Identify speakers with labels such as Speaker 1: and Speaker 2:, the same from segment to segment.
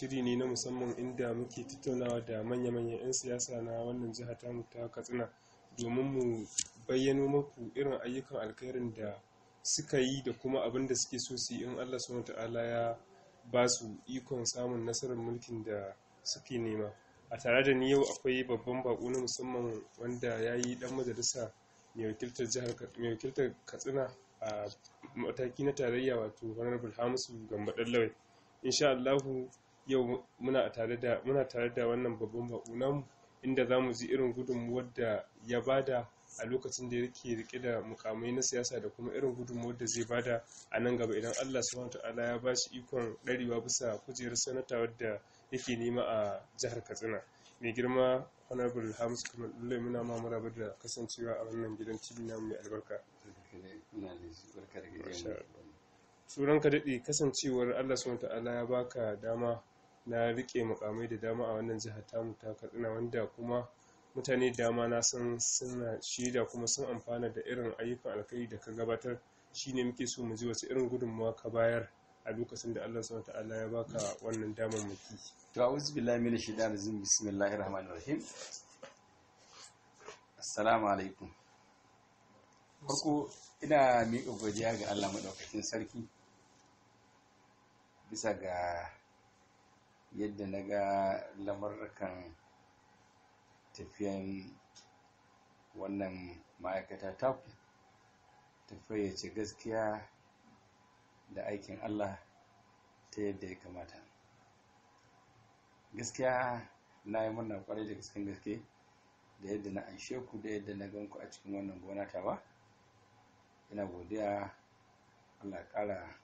Speaker 1: shiri ne na musamman inda muke tattaunawa da manya-manyan 'yan siyasa na wannan jiha tamu ta katsina domin mu bayyano maku irin ayyukan alkairin da suka yi da kuma abin da suke so su yi in allah su ta'ala ya ba su ikon samun nasarar mulkin da suke nema a tare da ni yau akwai babban bako na musamman wanda ya yi dan majalisa mai wakiltar katsina a mataki na tarayya wato honorable hamisu gambaɗan lawai Insha'allahu. yau muna tare da muna tare da wannan babban bako namu inda za mu ji irin gudunmuwar da ya bada a lokacin da yake rike da mukamai na siyasa da kuma irin gudunmuwar da zai bada a nan gaba idan Allah subhanahu wataala ya ba shi ikon ɗarewa bisa kujerar sanata wadda yake nema a jihar Katsina mai girma honorable Hamis Kamal lullai muna ma maraba da kasancewa a wannan gidan TV namu mai albarka sunan ka daɗe kasancewar Allah subhanahu wataala ya baka dama na rike mukamai da dama a wannan jihar tamu ta katsina wanda kuma mutane dama na san suna shaida kuma sun amfana da irin ayyukan alkhairi da ka gabatar shi ne muke so mu ji wasu irin gudunmawa ka bayar a lokacin da Allah subhanahu ta'ala ya baka wannan damar muki
Speaker 2: to a'udhu billahi minash shaitanir rajim bismillahir rahmanir rahim assalamu alaikum farko ina miƙa godiya ga Allah madaukakin sarki bisa ga yadda na ga lamarrakan tafiyan wannan ma'aikata ta ta fayyace gaskiya da aikin Allah ta yadda ya kamata gaskiya na yi murna kwarai da gasken gaske da yadda na anshe ku da yadda na ganku a cikin wannan gona ta ba ina godiya Allah ƙara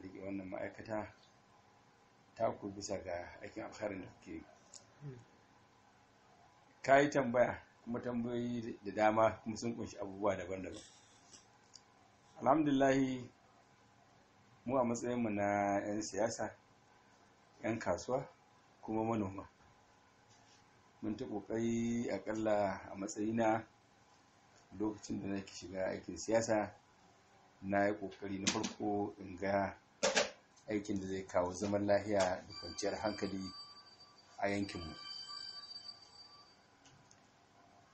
Speaker 2: riƙe wannan ma'aikata taku bisa ga aikin alkhairin da kuke ka yi tambaya kuma tambayoyi da dama kuma sun kunshi abubuwa daban-daban alhamdulahi mu a matsayinmu na 'yan siyasa 'yan kasuwa kuma manoma mun ta ƙoƙari akalla a matsayina lokacin da nake shiga aikin siyasa na yi ƙoƙari na farko in ga aikin da zai kawo zaman lahiya da kwanciyar hankali a yankinmu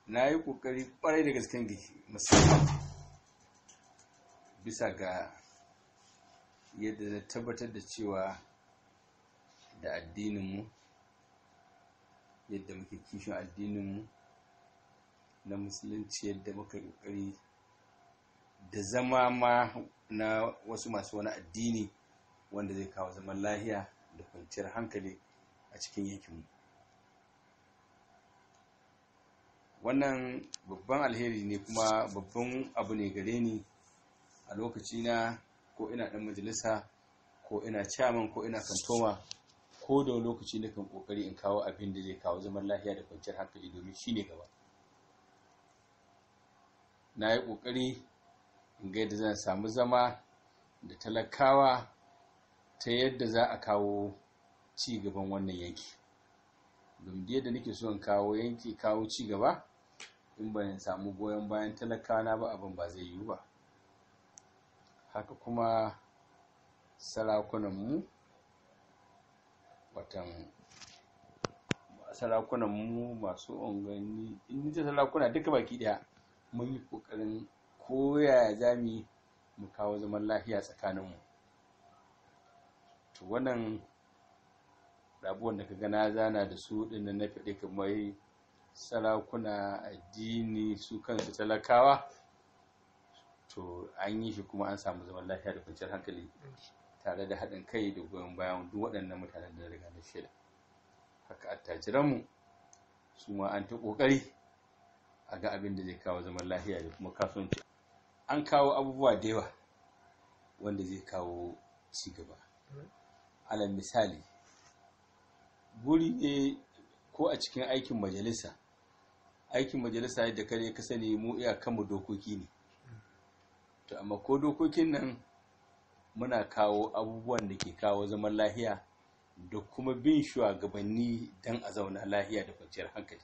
Speaker 2: na yi ƙoƙari kwarai da gasken musamman bisa ga yadda na tabbatar da cewa da addininmu yadda muke kishin addininmu na musulunci yadda muka ƙoƙari da zama ma na wasu masu wani addini wanda zai kawo zaman lahiya da kwanciyar hankali a cikin yankinmu wannan babban alheri ne kuma babban abu ne gare ni a lokacina ko ina ɗan majalisa ko ina chairman ko ina kantoma ko da lokaci na kan kokari in kawo abin da zai kawo zaman lahiya da kwanciyar hankali domin shi ne gaba na yi kokari in ga yadda zan samu zama da talakawa ta yadda za a kawo cigaban wannan yanki domin yadda nake so in kawo yanki kawo cigaba gaba in ban samu goyon bayan talakawa ba abin ba zai yiwu ba haka kuma sarakunanmu watan sarakunanmu masu ungani in ta sarakuna duka baki daya mun yi kokarin koya ya zami mu kawo zaman lafiya tsakaninmu to wannan abubuwan da kaga na zana da su ɗin na faɗi kamar sarakuna addini su kansu talakawa to an yi shi kuma an samu zaman lafiya da kwanciyar hankali tare da haɗin kai da goyon bayan duk waɗannan mutanen da riga na shida haka attajiranmu su ma an ta ƙoƙari a ga abin da zai kawo zaman lafiya da kuma kasuwanci an kawo abubuwa da yawa wanda zai kawo cigaba alal misali guri ne ko a cikin aikin majalisa aikin majalisa yadda kare ka sani mu iyakanmu dokoki ne to amma ko dokokin nan muna kawo abubuwan da ke kawo zaman lahiya da kuma bin shugabanni don a zauna lahiya da kwanciyar hankali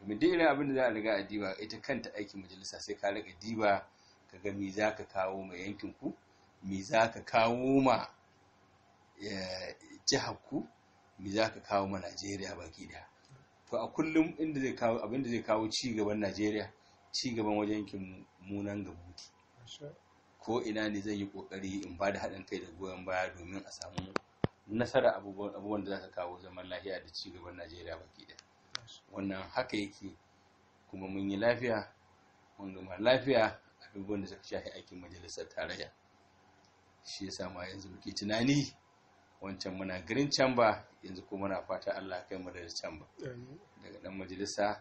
Speaker 2: domin duk irin abin da za a riga a diba ita kanta aikin majalisa sai ka riga diba ka ga me za ka kawo ma yankinku me za ka kawo ma Eh, jihar ku me za ka kawo ma najeriya baki da to a kullum inda zai kawo abinda zai kawo ci gaban najeriya ci gaban wajen kin munan gabuki ko ina ne zan yi kokari in ba da haɗin kai da goyon baya domin a samu nasara abubuwan da za ka kawo zaman lafiya da ci gaban najeriya baki da wannan haka yake kuma mun yi lafiya mun gama lafiya abubuwan da suka shafi aikin majalisar tarayya shi yasa ma yanzu muke tunani wancan muna green chamber yanzu kuma muna fata Allah kai mu da chamber daga dan majalisa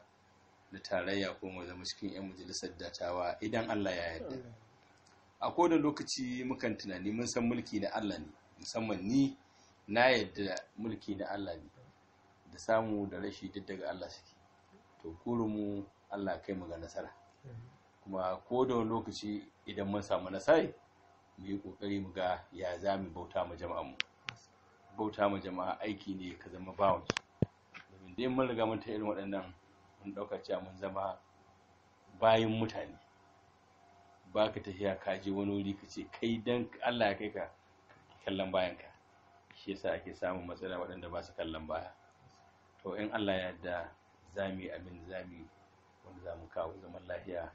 Speaker 2: da tarayya ko mu zama cikin yan majalisar dattawa idan Allah ya yarda a kowane lokaci mukan tunani mun san mulki na Allah ne musamman ni na yarda mulki na Allah ne da samu da rashi duk daga Allah suke to mu Allah kai mu ga nasara kuma ko da lokaci idan mun samu nasari mu yi kokari mu ga ya za bauta mu jama'an mu bauta ma jama'a aiki ne ka zama bawan su domin dai mun riga mun ta irin waɗannan mun ɗauka cewa mun zama bayan mutane ba ka tafiya ka je wani wuri ka ce kai dan Allah ya kai ka kallon bayan ka shi yasa ake samun matsala waɗanda ba su kallon baya to in Allah ya yarda za mu yi abin za mu yi wanda za mu kawo zaman lafiya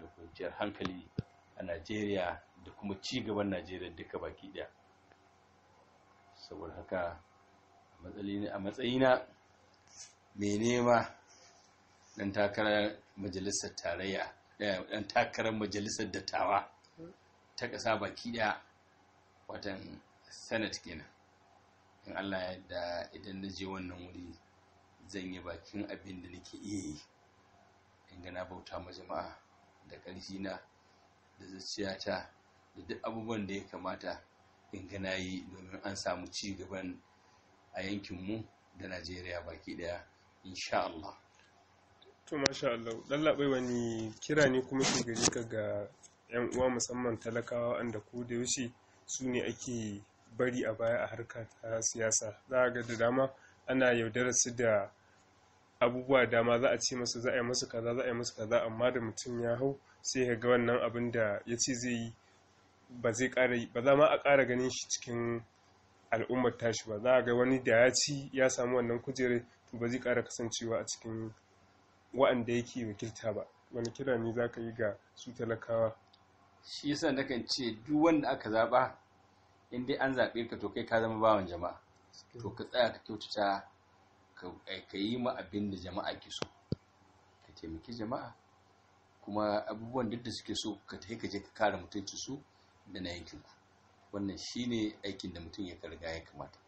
Speaker 2: da kwanciyar hankali a Najeriya da kuma ci gaban Najeriya duka baki ɗaya. saboda haka a matsayina mai nema ɗan takarar majalisar tarayya dan eh, takarar majalisar dattawa ta ƙasa baki ɗaya watan senate kenan in allah yadda idan na je wannan wuri zan yi bakin abin da nake iya yi in gana bauta ma jama'a da ƙarfi na, da zuciyata da duk abubuwan da ya kamata in gana yi domin an samu ci gaban a yankinmu da najeriya baki daya insha Allah
Speaker 1: to masha Allah lallaɓai wani kira ne kuma ke gari ka ga 'yan uwa musamman talakawa wanda ko da yaushe su ne ake bari a baya a harka ta siyasa za ga da dama ana yaudara su da abubuwa dama za a ce masu za a yi masu kaza za a yi masu kaza amma da mutum ya hau sai ya ga wannan abin da ya ce zai yi ba za ma a ƙara ganin shi cikin al'ummar tashi ba za a ga wani da ya ci ya samu wannan kujerar to ba zai ƙara kasancewa a cikin wa'anda yake wakilta ba wani kira ne za ka yi ga su talakawa
Speaker 2: shi yasa nakan ce duk wanda aka zaɓa in dai an zaɓe ka to kai ka zama bawan jama'a to ka tsaya ka kyautata eh, ka yi ma abin da jama'a ke so ka taimaki jama'a kuma abubuwan duk da suke so ka tafi ka je ka kare mutunci su da na yankinku wannan shi ne aikin da mutum ya karga ya kamata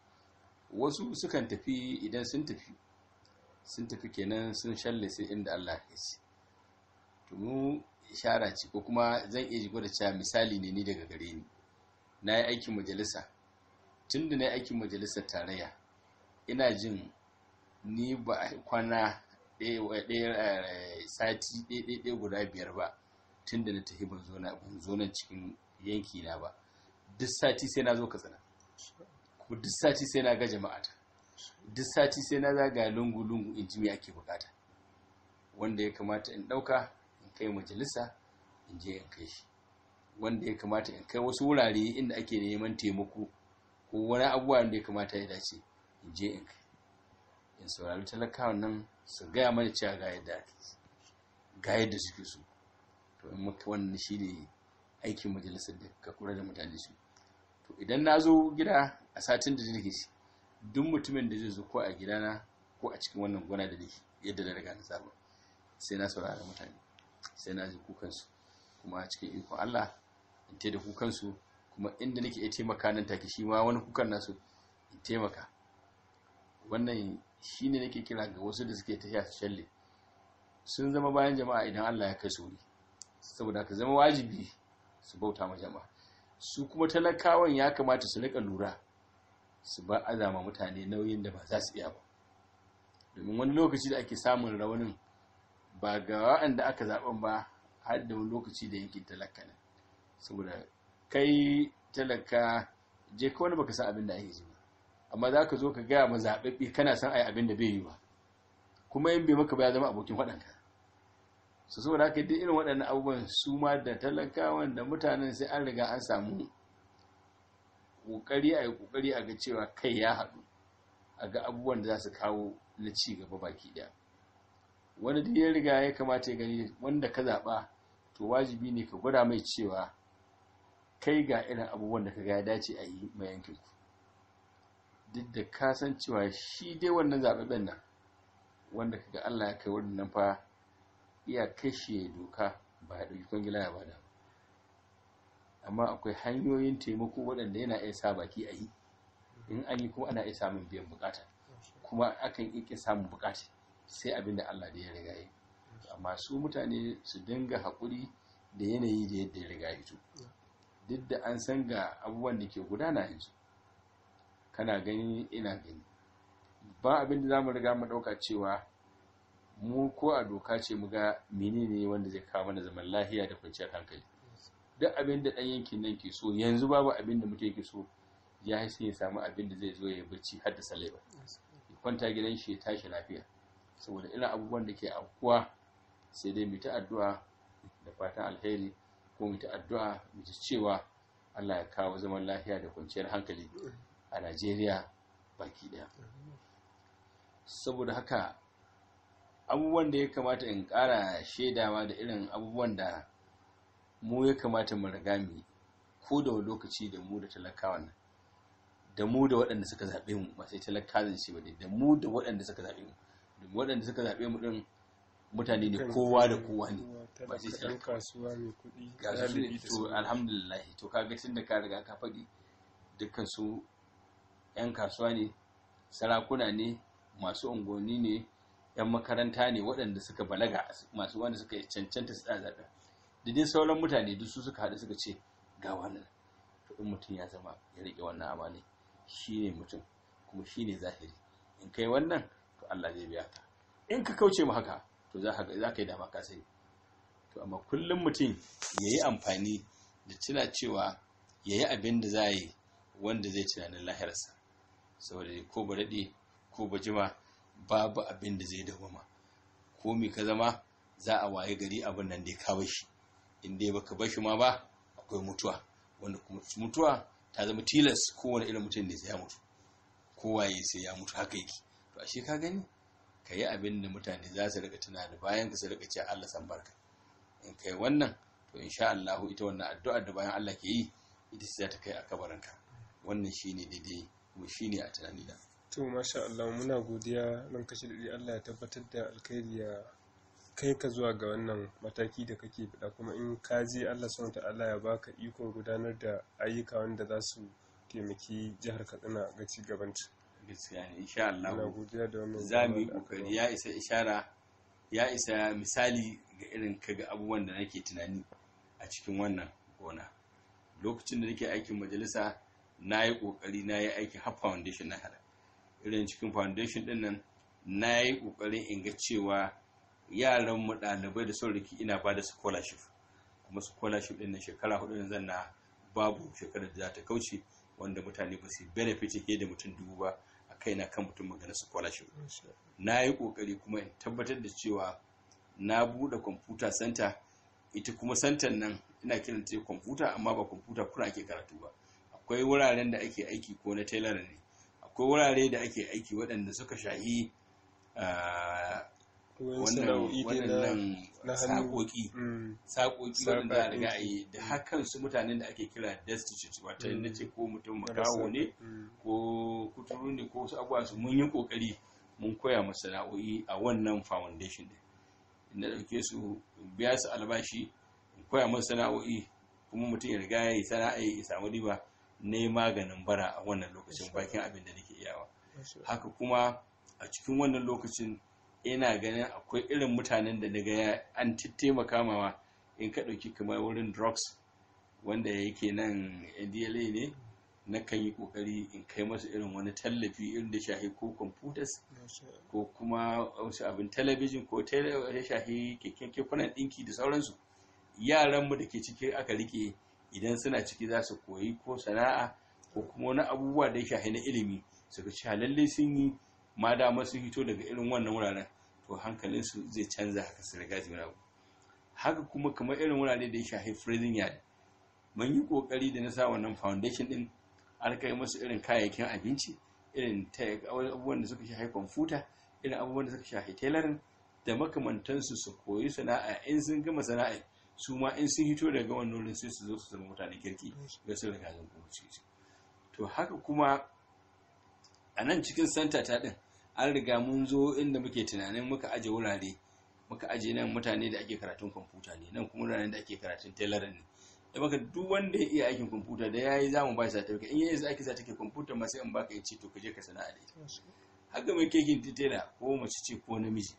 Speaker 2: wasu sukan tafi idan sun tafi sun tafi kenan sun shalle sai inda Allah ya ce to mu ishara ce ko kuma zan iya jigo da cewa misali ne ni daga gare ni na yi aikin majalisa tun da na yi aikin majalisa tarayya ina jin ni ba a kwana eh, sati ɗaya guda biyar ba tun da na tafi ban zo na cikin yanki na ba duk sati sai na zo katsina tsana duk sati sai na ga jama'ata duk sati sai na zaga lungu lungu in ji me ake bukata wanda ya kamata in dauka in kai majalisa in je in kai shi wanda ya kamata in kai wasu wurare inda ake neman taimako ko wani abuwa da ya kamata ya dace in je in kai in saurari talakawan nan su gaya mana cewa ga yadda ga yadda suke so to in muka wannan ne aikin majalisar da ka kura da mutane su to idan na zo gida a satin da nake shi duk mutumin da zai zo ko a gidana ko a cikin wannan gona da nake yadda na riga na saba sai na saurara mutane sai na ji kukansu kuma a cikin ikon Allah in te kukan kukansu kuma inda nake iya taimaka nan take shi ma wani kukan nasu in taimaka wannan shine nake kira ga wasu da suke tafiya su shalle sun zama bayan jama'a idan Allah ya kai su saboda ka zama wajibi su bauta ma jama'a su kuma talakawan ya kamata su rika lura su ba azama mutane nauyin da ba za su iya ba domin wani lokaci da ake samun raunin ba ga wa'anda aka zaɓen ba har da wani lokaci da yankin talaka ne saboda kai talaka je kawai ba baka san abin da ake zuwa amma za ka zo ka gaya ma zaɓaɓɓe kana san ai abin da bai yi ba kuma yin bai maka ba ya zama abokin faɗanka su saboda haka duk irin waɗannan abubuwan su ma da talakawan da mutanen sai an riga an samu ƙoƙari a yi ƙoƙari a ga cewa kai ya haɗu a ga abubuwan da za su kawo na ci gaba baki ɗaya wani duk ya riga ya kamata ya gani wanda ka zaɓa to wajibi ne ka gwada mai cewa kai ga irin abubuwan da ka ga ya dace a yi mai yankin ku duk da ka san cewa shi dai wannan zaɓaɓɓen nan wanda kaga Allah ya kai wannan fa iya kashe doka ba da gilaya ba da, amma akwai hanyoyin taimako waɗanda yana iya sa baki a yi in an yi kuma ana iya samun biyan bukata kuma akan iya samun bukata sai abin da Allah da ya riga yi amma su mutane su dinga haƙuri da yanayi da yadda ya riga hito duk da an san ga abubuwan da ke gudana yanzu kana gani ina gani ba abin da za mu riga mu ɗauka cewa mu ko a doka ce mu ga menene wanda zai kawo mana zaman lahiya da kwanciyar hankali duk abin da ɗan yankin nan ke so yanzu babu abin da muke ke so ya haisi ya samu abin da zai zo ya barci har da salai kwanta gidan shi ya tashi lafiya saboda irin abubuwan da ke afkuwa sai dai mu ta addu'a da fatan alheri ko mu addu'a mita cewa Allah ya kawo zaman lafiya da kwanciyar hankali a Najeriya baki ɗaya. saboda haka abubuwan da ya kamata in ƙara shaidawa da irin abubuwan da mu ya kamata mu riga mu ko da lokaci da mu da talakawan da mu da waɗanda suka zaɓe mu ba sai talaka zan ce ba ne da mu da waɗanda suka zaɓe mu da waɗanda suka zaɓe mu ɗin mutane ne kowa da kowa ne ba sai talaka
Speaker 1: kasuwa mai kuɗi ga su ne to alhamdulillah
Speaker 2: to kaga tun da ka riga ka faɗi dukkan su 'yan kasuwa ne sarakuna ne masu unguwanni ne 'yan makaranta ne waɗanda suka balaga masu wanda suka cancanta su tsada zaɓen da sauran mutane duk su suka haɗu suka ce ga wannan to in mutum ya zama ya riƙe wannan amana shi ne mutum kuma shi ne zahiri in kai wannan to Allah zai biya ka in ka kauce mu haka to za ka yi dama ka sai to amma kullum mutum ya yi amfani da tuna cewa ya yi abin da za yi wanda zai tunanin lahirarsa saboda ko ba daɗe ko ba jima babu abin da zai dawama ko mai ka zama za a waye gari abin nan dai ka shi in dai baka bashi ma ba akwai mutuwa wanda kuma mutuwa ta zama tilas kowane irin mutum da ya mutu kowaye sai ya mutu haka yake to ashe ka gani ka yi abin da mutane za su rika tunani bayan ka su rika a Allah san barka in kai wannan to insha Allah ita wannan addu'ar da bayan Allah ke yi ita za ta kai a kabarinka wannan shine daidai kuma shine a tunani da.
Speaker 1: to masha Allah muna godiya nan kashe daɗi Allah ya tabbatar da alkhairi ya kai ka zuwa ga wannan mataki da kake buɗa kuma in ka je Allah subhanahu ta'ala ya baka ikon gudanar da ayyuka wanda za su taimaki jihar Katsina ga ci gaban ta gaskiya insha Allah muna godiya da
Speaker 2: wannan za kokari ya isa ishara ya isa misali ga irin kaga abubuwan da nake tunani a cikin wannan gona lokacin da nake aikin majalisa na yi kokari na yi aiki har foundation na halar irin cikin foundation din nan na yi ƙoƙarin in ga cewa yaran mu ɗalibai da son riki ina ba da scholarship kuma scholarship din na shekara hudu zan na babu shekarar da za ta kauce wanda mutane ba su benefit ke da mutum dubu ba a kai na kan mutum magana scholarship na yi ƙoƙari kuma in tabbatar da cewa na buɗe computer center ita kuma center nan ina kiranta computer amma ba computer kuna ake karatu ba akwai wuraren da ake aiki ko na tailor ne ko wurare da ake aiki waɗanda suka shahi ah, wannan saƙoƙi mm. saƙoƙi waɗanda a riga yi da hakan su mutanen da ake kira destitute wata yadda ce mm. ko mutum makawo ne mm. ko kuturu ne ko wasu abuwa su mun yi ƙoƙari mun koya masu sana'o'i a wannan foundation din na ɗauke su biya su albashi koya masu sana'o'i kuma mutum ya riga ya yi sana'a ya samu riba ne maganin bara a wannan lokacin bakin abin da nake haka kuma a cikin wannan lokacin ina ganin akwai irin mutanen da daga an taimaka mawa in ka ɗauki kamar wurin drugs wanda yake nan ndla ne na kan yi kokari in kai masu irin wani tallafi irin da shahi ko computers ko kuma wasu abin talabijin ko ya shahi keken kekunan ɗinki da sauransu yaranmu da ke ciki aka rike idan suna ciki za su koyi ko sana'a ko kuma wani abubuwa da ya shahi na ilimi suka cewa lalle sun yi ma dama sun hito daga irin wannan wuraren to hankalinsu zai canza haka su riga su rabu haka kuma kamar irin wurare da ya shafi freezing yard mun yi kokari da na sa wannan foundation din an kai musu irin kayayyakin abinci irin abubuwan da suka shafi kwamfuta irin abubuwan da suka shafi tailoring da makamantansu su koyi sana'a in sun gama sana'a su ma in sun hito daga wannan wurin sai su zo su zama mutane kirki ga sun riga sun kuma to haka kuma a nan cikin santa ta ɗin, an riga mun zo inda muke tunanin muka aje wurare muka aje nan mutane da ake karatun kwamfuta ne nan kuma wuraren da ake karatun tailoring ne da baka duk wanda ya iya aikin kwamfuta da ya yi zamu ba shi ɗauka in yayi zaki za ke kwamfuta ma sai in baka ce to ka je ka sana'a da ita haka mai kekin titela ko mace ce ko namiji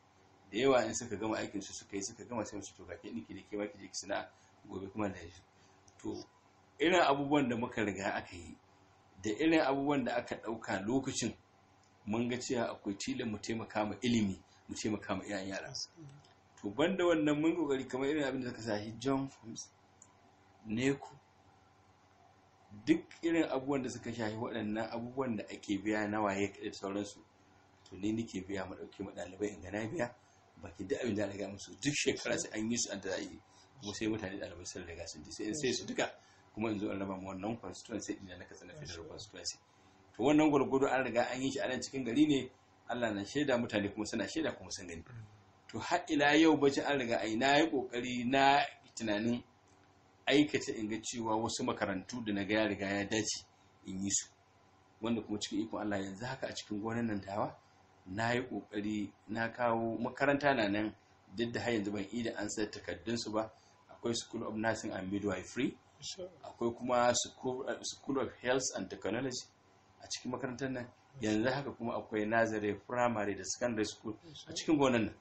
Speaker 2: da yawa in suka gama aikin su suka yi suka gama sai su toka, ke niki da ke baki je ki sana'a gobe kuma da ya to irin abubuwan da muka riga aka yi da irin abubuwan da aka ɗauka lokacin mun ga cewa akwai tilin mu taimaka ma ilimi mu taimaka ma iyayen yara to banda wannan mun kokari kamar irin abin da suka sahi john forms Neku. duk irin abubuwan da suka shafi waɗannan abubuwan da ake biya na waye da sauransu to ni nake biya mu ɗauke mu ɗalibai in gana biya baki duk abin da ga musu duk shekara sai an yi su an da za a yi kuma sai mutane ɗalibai sun riga sun ji sai su duka kuma yanzu zo in raba mu wannan constituency ina na katsina federal constituency to wannan gwargwado an riga an yi shi a nan cikin gari ne allah na shaida mutane kuma suna shaida kuma sun gani to har ila yau bacin an riga ai na yi kokari na tunanin aikata in ga cewa wasu makarantu da na ga ya riga ya dace in yi su wanda kuma cikin ikon allah yanzu haka a cikin gonan nan tawa na yi kokari na kawo makaranta na nan duk da har yanzu ban iya da an sayar takardunsu ba akwai school of nursing and midwifery akwai kuma eh, school of health and technology a cikin makarantar nan yanzu haka kuma akwai nazare primary da secondary school a cikin gonan nan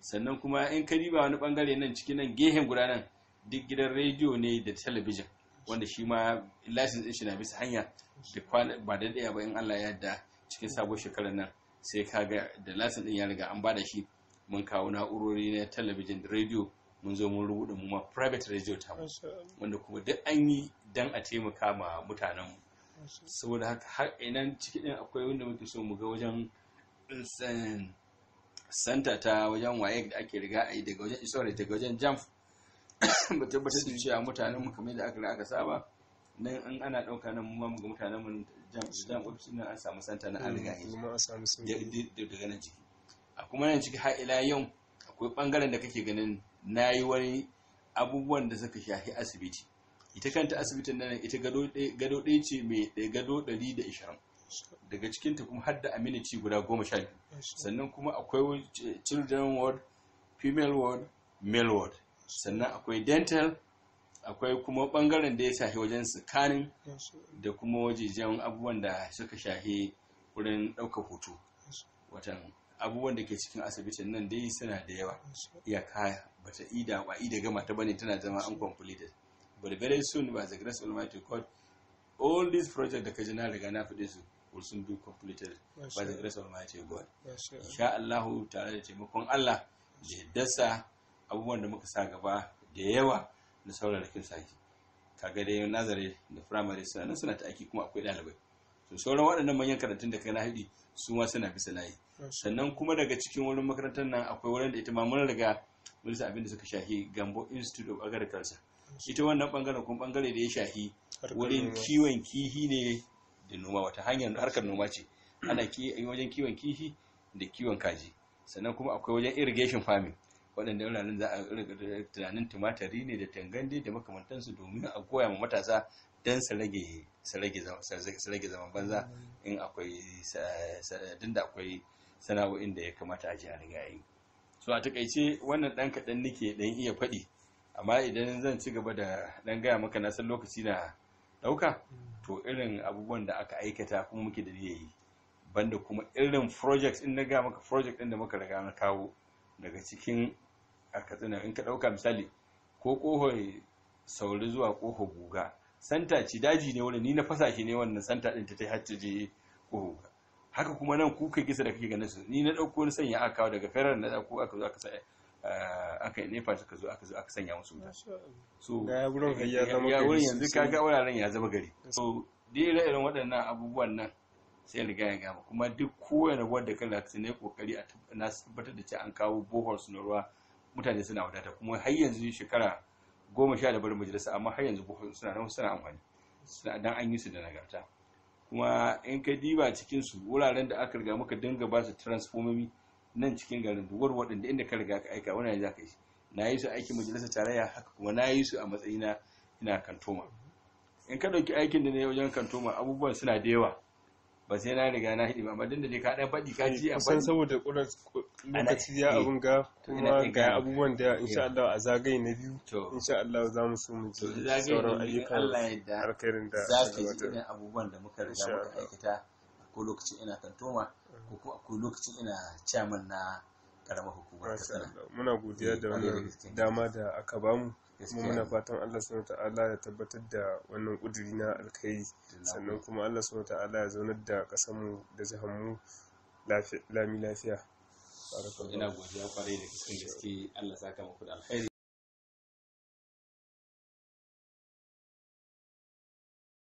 Speaker 2: sannan kuma in ka diba wani bangare nan cikin nan gehen guda nan duk gidan rediyo ne da talabijin wanda shi ma license din shi na bisa hanya ba da daya ba in Allah ya yarda cikin sabon shekarar nan sai kaga da license din ya riga an bada shi mun kawo na'urori na talabijin da rediyo mun zo mun rubuta mu ma private radio ta wanda kuma duk an yi dan a taimaka ma mutanen mu saboda haka har inan ciki din akwai wanda muke so mu ga wajen santa eh, ta wajen waye da ake riga a yi daga wajen isore daga wajen jamf ba tabbatar da cewa mutanen mu kamar da aka aka saba nan an ana dauka nan mu ma mu ga mutanen mu jamf jamf office nan an samu santa na an riga yi mm, daga nan ciki a kuma nan ciki har ila yau akwai bangaren da kake ganin na yi wani abubuwan da suka shafi asibiti ita kanta asibitin nan ita gado ɗaya ce mai ɗaya eh, gado 120 daga cikinta kuma har da aminiti guda 12 sannan kuma akwai children ward female ward male ward sannan akwai dental akwai kuma bangaren da ya shafi wajen scanning da kuma wajejen abubuwan da suka shafi wurin ɗaukar hoto watan abubuwan da ke cikin asibitin nan dai suna da yawa iyaka ba ta ida ba ida gama ta bane tana zama an uncompleted but very soon by the grace almighty god all these projects da ka ji na riga na fi su will soon be completed by the grace almighty god insha Allah tare da taimakon Allah da dasa abubuwan da muka sa gaba da yawa na saurarakin kin ka kaga dai nazare da firamare suna nan suna ta aiki kuma akwai ɗalibai to sauran waɗannan manyan karatun da kai na haɗi su ma suna bisa layi sannan kuma daga cikin wurin makarantar nan akwai wurin da ita ma mun riga mun sa abin da suka shahi Gambo Institute of Agriculture ita wannan bangaren kuma bangare da ya shahi wurin kiwon kihi ne da noma wata hanyar harkar noma ce ana wajen kiwon kihi da kiwon kaji sannan kuma akwai wajen irrigation farming waɗanda wuraren za a tunanin tumatari ne da tangande da makamantansu domin a goya ma matasa don su rage zaman banza in akwai din da akwai sana'o'in da ya kamata a jihar a riga so a takaice wannan dan kaɗan nake dan iya faɗi amma idan zan ci gaba da dan gaya maka na san lokaci na ɗauka to irin abubuwan da aka aikata kuma muke da yi banda kuma irin project in na gaya maka project din da muka riga na kawo daga cikin a katsina in ka ɗauka misali ko ƙohon sauri zuwa ƙohon guga santa ce daji ne wani ni na fasa shi ne wannan santa din ta ta je ko haka kuma nan kuka gisa da kake ganin su ni na dauko wani sanya aka kawo daga ferar na dauko aka zo aka sa eh, aka nefa suka zo aka zo aka sanya musu mutane so ya
Speaker 1: wurin ya zama ya wurin yanzu
Speaker 2: wuraren ya zama gari so dai irin waɗannan abubuwan nan sai riga ya gama kuma duk kowane wadda kan su ne kokari a na tabbatar da cewa an kawo boholes na ruwa mutane suna wadata kuma har yanzu shekara goma sha da barin majalisa amma har yanzu suna nan suna amfani dan an yi su da nagarta kuma in ka diba cikin su wuraren da aka riga muka dinga ba su transformomi nan cikin garin duwar waɗanda inda ka riga ka aika wani za ka yi na yi su aikin majalisa tarayya haka kuma na yi su a matsayina ina kantoma in ka ɗauki aikin da na yi wajen kantoma abubuwan suna da yawa ba sai na riga na hidi ba amma dinda ne ka dan fadi ka ji a kusan
Speaker 1: saboda kuran lokaci ya eh, abun ga kuma ga abubuwan da insha eh.
Speaker 2: Allah a zagaye na biyu
Speaker 1: insha Allah za mu so mu ji sauran ayyukan Allah yadda harkarin da za ka ji irin abubuwan da muka riga muka
Speaker 2: aikata ko lokacin ina kantoma ko ko ko lokacin ina chairman na karamar hukumar kasana muna godiya eh, da wannan dama da aka bamu
Speaker 1: muna fatan Allah subhanahu ta'ala ya tabbatar da wannan kuduri na alkhairi sannan kuma Allah subhanahu ta'ala ya zaunar da kasanmu da jihar mu lami lafiya
Speaker 2: ina godiya kwarai da gaske Allah saka muku da alkhairi